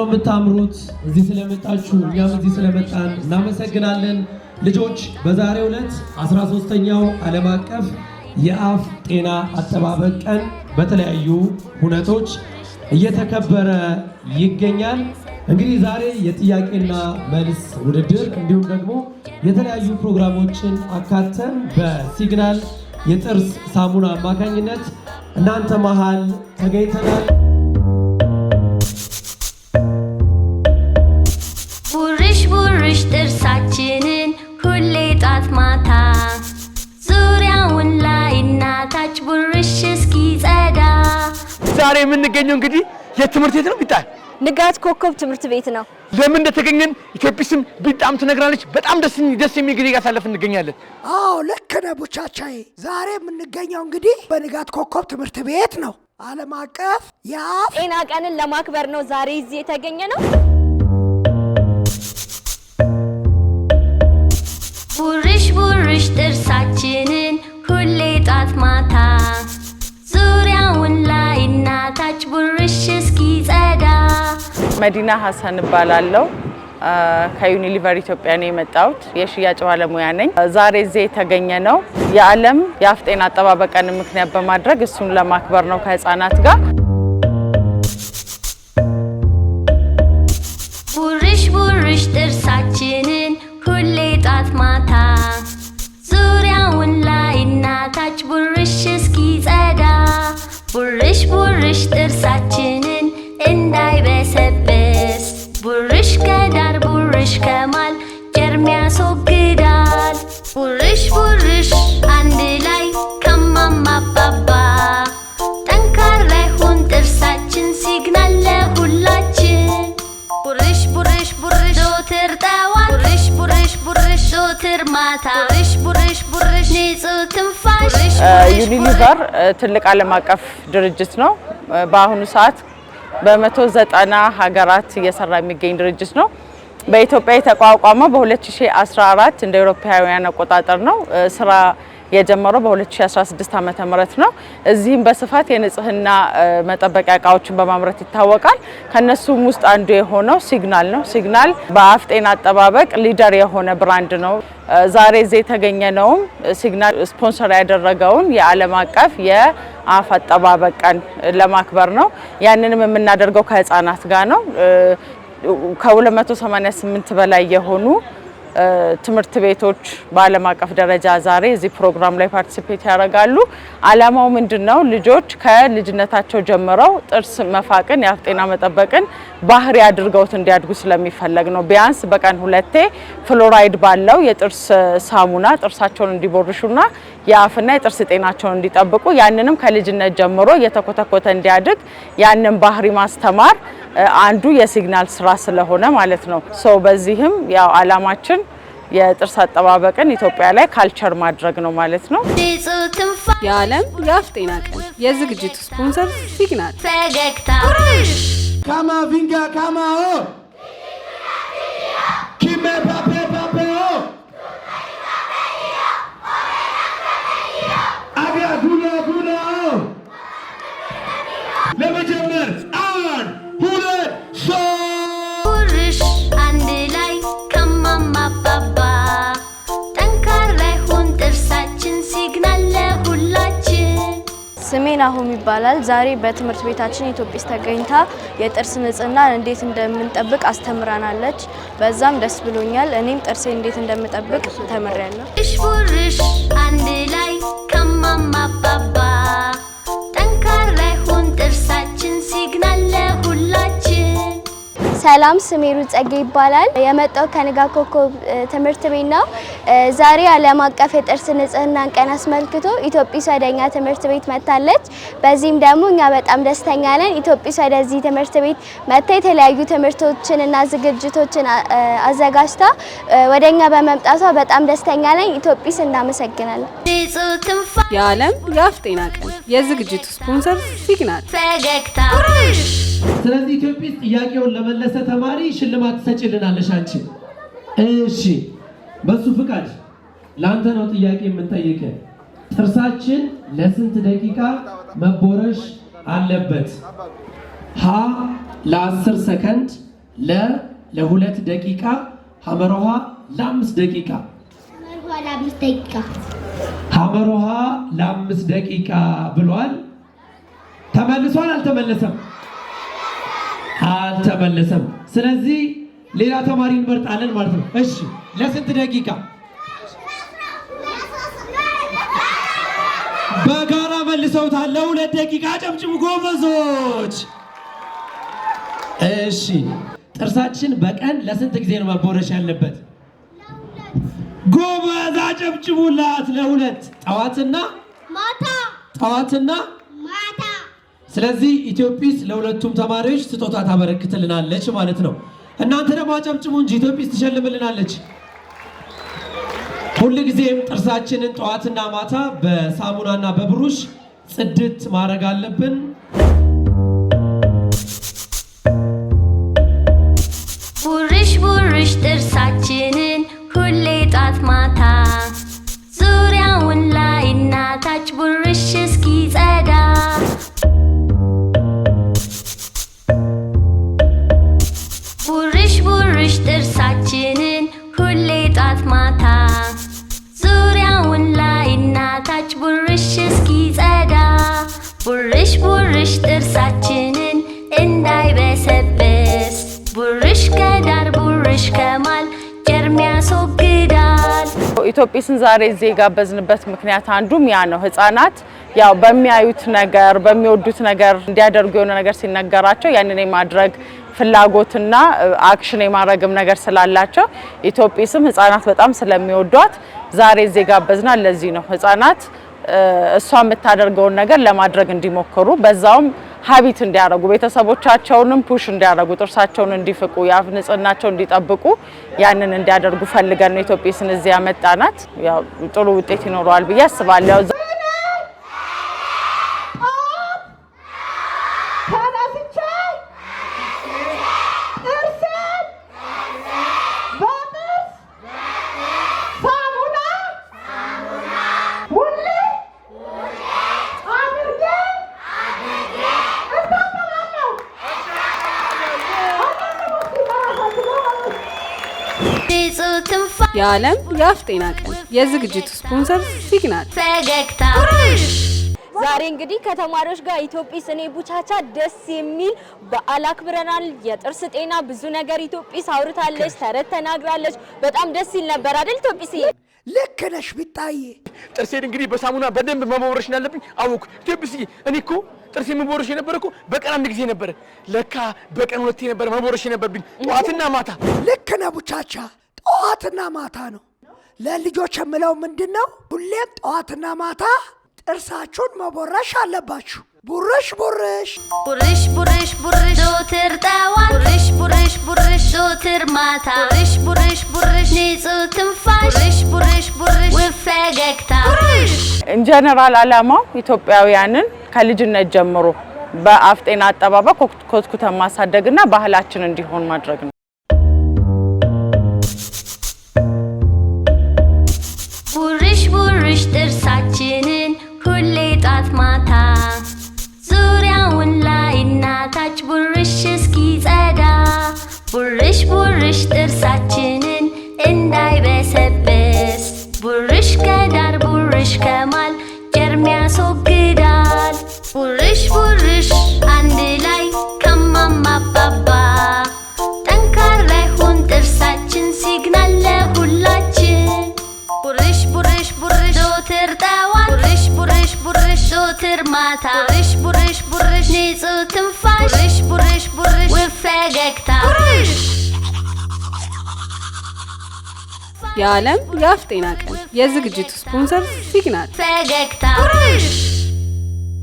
ነው የምታምሩት። እዚህ ስለመጣችሁ እኛም እዚህ ስለመጣን እናመሰግናለን። ልጆች በዛሬ ዕለት 13ኛው ዓለም አቀፍ የአፍ ጤና አጠባበቅ ቀን በተለያዩ ሁነቶች እየተከበረ ይገኛል። እንግዲህ ዛሬ የጥያቄና መልስ ውድድር እንዲሁም ደግሞ የተለያዩ ፕሮግራሞችን አካተን በሲግናል የጥርስ ሳሙና አማካኝነት እናንተ መሃል ተገኝተናል። ዛሬ የምንገኘው እንግዲህ የትምህርት ቤት ነው ቢጣ ንጋት ኮከብ ትምህርት ቤት ነው። ለምን እንደተገኘን ኢትዮጵስም ቢጣም ትነግራለች። በጣም ደስ ደስ የሚል ጊዜ እያሳለፍ እንገኛለን። አዎ ልክ ነህ ቡቻቻዬ። ዛሬ የምንገኘው እንግዲህ በንጋት ኮከብ ትምህርት ቤት ነው። ዓለም አቀፍ የአፍ ጤና ቀንን ለማክበር ነው ዛሬ እዚህ የተገኘ ነው። ቡርሽ ቡርሽ ጥርሳችንን ሁሌ ጧት ማታ መዲና ሀሰን እባላለሁ። ከዩኒሊቨር ኢትዮጵያ ነው የመጣሁት። የሽያጭ ባለሙያ ነኝ። ዛሬ እዚህ የተገኘ ነው የዓለም የአፍ ጤና አጠባበቀን ምክንያት በማድረግ እሱን ለማክበር ነው ከህፃናት ጋር ቡርሽ ቡርሽ ጥርሳችንን ሁሌ ጧት ማታ ዙሪያውን ላይ እናታች ቡርሽ እስኪ ጸዳ ቡርሽ ቡርሽ ጥርሳ ግርማታ ዩኒሊቨር ትልቅ ዓለም አቀፍ ድርጅት ነው። በአሁኑ ሰዓት በመቶ ዘጠና ሀገራት እየሰራ የሚገኝ ድርጅት ነው። በኢትዮጵያ የተቋቋመው በ2014 እንደ ኤውሮፓውያን አቆጣጠር ነው ስራ የጀመረው በ2016 ዓ ም ነው። እዚህም በስፋት የንጽህና መጠበቂያ እቃዎችን በማምረት ይታወቃል። ከነሱም ውስጥ አንዱ የሆነው ሲግናል ነው። ሲግናል በአፍ ጤና አጠባበቅ ሊደር የሆነ ብራንድ ነው። ዛሬ እዚህ የተገኘ ነውም ሲግናል ስፖንሰር ያደረገውን የዓለም አቀፍ የአፍ አጠባበቅ ቀን ለማክበር ነው። ያንንም የምናደርገው ከህፃናት ጋር ነው። ከ288 በላይ የሆኑ ትምህርት ቤቶች በዓለም አቀፍ ደረጃ ዛሬ እዚህ ፕሮግራም ላይ ፓርቲሲፔት ያደርጋሉ። አላማው ምንድን ነው? ልጆች ከልጅነታቸው ጀምረው ጥርስ መፋቅን፣ የአፍ ጤና መጠበቅን ባህሪ አድርገውት እንዲያድጉ ስለሚፈለግ ነው። ቢያንስ በቀን ሁለቴ ፍሎራይድ ባለው የጥርስ ሳሙና ጥርሳቸውን እንዲቦርሹና የአፍና የጥርስ ጤናቸውን እንዲጠብቁ ያንንም ከልጅነት ጀምሮ እየተኮተኮተ እንዲያድግ ያንን ባህሪ ማስተማር አንዱ የሲግናል ስራ ስለሆነ ማለት ነው። ሰው በዚህም ያው አላማችን የጥርስ አጠባበቅን ኢትዮጵያ ላይ ካልቸር ማድረግ ነው ማለት ነው። የዓለም የአፍ ጤና ቀን የዝግጅቱ ስፖንሰር ሲግናል ፈገግታ ስሜን አሁን ይባላል። ዛሬ በትምህርት ቤታችን ኢትዮጲስ ተገኝታ የጥርስ ንጽህናን እንዴት እንደምንጠብቅ አስተምራናለች። በዛም ደስ ብሎኛል። እኔም ጥርሴ እንዴት እንደምጠብቅ ተምሬያለሁ። ሽቡርሽ አንድ ላይ ከማማባባ ሰላም ስሜሩ ጸጌ ይባላል። የመጣው ከንጋ ኮከብ ትምህርት ቤት ነው። ዛሬ ዓለም አቀፍ የጥርስ ንጽህናን ቀን አስመልክቶ ኢትዮጵስ ወደኛ ትምህርት ቤት መታለች። በዚህም ደግሞ እኛ በጣም ደስተኛ ነን። ኢትዮጵስ ወደዚህ ትምህርት ቤት መታ የተለያዩ ትምህርቶችንና ዝግጅቶችን አዘጋጅታ ወደኛ በመምጣቷ በጣም ደስተኛ ነን። ኢትዮጵስ እናመሰግናለን። የዓለም የአፍ ጤና ቀን የዝግጅቱ ስፖንሰር ሲግናል ስለዚህ ኢትዮጵያ ውስጥ ጥያቄውን ለመለሰ ተማሪ ሽልማት ትሰጪልናለሽ አንቺ። እሺ፣ በሱ ፍቃድ ለአንተ ነው ጥያቄ የምንጠይቀ። ጥርሳችን ለስንት ደቂቃ መቦረሽ አለበት? ሀ ለአስር ሰከንድ፣ ለ ለሁለት ደቂቃ፣ ሐመሮሃ ለአምስት ደቂቃ ሐመሮሃ ለአምስት ደቂቃ ብሏል። ተመልሷል? አልተመለሰም? አልተመለሰም። ስለዚህ ሌላ ተማሪ እንመርጣለን ማለት ነው። እሺ ለስንት ደቂቃ በጋራ መልሰውታል? ለሁለት ደቂቃ ጨምጭም ጎበዞች። እሺ ጥርሳችን በቀን ለስንት ጊዜ ነው መቦረሽ ያለበት? ጎበዝ አጨብጭቡላት። ለሁለት ጠዋትና ማታ ጠዋትና ስለዚህ ኢትዮጲስ ለሁለቱም ተማሪዎች ስጦታ ታበረክትልናለች ማለት ነው። እናንተ ደግሞ አጨብጭቡ እንጂ ኢትዮጲስ ትሸልምልናለች። ሁልጊዜም ጥርሳችንን ጠዋትና ማታ በሳሙናና በብሩሽ ጽድት ማድረግ አለብን። ቡርሽ ጥርሳችንን እንዳይበሰብስ ቡርሽ ከዳር ቡርሽ ከማል ጀርም ያስወግዳል። ኢትዮጲስን ዛሬ እዚህ የጋበዝንበት ምክንያት አንዱም ያ ነው። ህጻናት ያው በሚያዩት ነገር በሚወዱት ነገር እንዲያደርጉ የሆነ ነገር ሲነገራቸው ያንን የማድረግ ፍላጎትና አክሽን የማድረግም ነገር ስላላቸው ኢትዮጲስም ህጻናት በጣም ስለሚወዷት ዛሬ እዚህ የጋበዝናት ለዚህ ነው ህጻናት እሷ የምታደርገውን ነገር ለማድረግ እንዲሞክሩ በዛውም ሀቢት እንዲያደርጉ ቤተሰቦቻቸውንም ፑሽ እንዲያደርጉ ጥርሳቸውን እንዲፍቁ የአፍ ንጽህናቸው እንዲጠብቁ ያንን እንዲያደርጉ ፈልገን ነው ኢትዮጵስን እዚህ ያመጣናት። ጥሩ ውጤት ይኖረዋል ብዬ አስባለሁ። የዓለም የአፍ ጤና ቀን የዝግጅቱ ስፖንሰር ሲግናል ፈገግታ። ዛሬ እንግዲህ ከተማሪዎች ጋር ኢትዮጵስ እኔ ቡቻቻ ደስ የሚል በዓል አክብረናል። የጥርስ ጤና ብዙ ነገር ኢትዮጵስ አውርታለች፣ ተረት ተናግራለች። በጣም ደስ ይል ነበር አይደል ኢትዮጲስ? ልክ ነሽ ቢጣዬ። ጥርሴን እንግዲህ በሳሙና በደንብ መቦረሽ እንዳለብኝ አወኩ። ኢትዮጲስ እኔ እኮ ጥርሴ መቦረሽ የነበረ እኮ በቀን አንድ ጊዜ ነበረ። ለካ በቀን ሁለቴ ነበረ መቦረሽ የነበርብኝ ጠዋትና ማታ። ልክ ነህ ቡቻቻ ጠዋትና ማታ ነው። ለልጆች የምለው ምንድን ነው? ሁሌም ጠዋትና ማታ ጥርሳችሁን መቦረሽ አለባችሁ። ቡርሽ ቡርሽ ቡርሽ ቡርሽ ቡርሽ ዶትር ጠዋት ቡርሽ ቡርሽ ቡርሽ ዶትር ማታ ቡርሽ ቡርሽ ቡርሽ ንጹህ ትንፋሽ ቡርሽ ቡርሽ ቡርሽ ውፈገግታ ቡርሽ ኢንጀነራል አላማው ኢትዮጵያውያንን ከልጅነት ጀምሮ በአፍ ጤና አጠባበቅ ኮትኩተን ማሳደግና ባህላችን እንዲሆን ማድረግ ነው። Sarıdır saçının enday ve sepes Buruş kadar buruş kemal Cermya sok gıdal Buruş buruş andilay kamama baba Tankar ve hunter saçın signalle hullacın Buruş buruş buruş Dotir davan Buruş buruş buruş Dotir mata Buruş buruş buruş Nizutum fa የዓለም የአፍ ጤና ቀን የዝግጅቱ ስፖንሰር ሲግናል ፈገግታ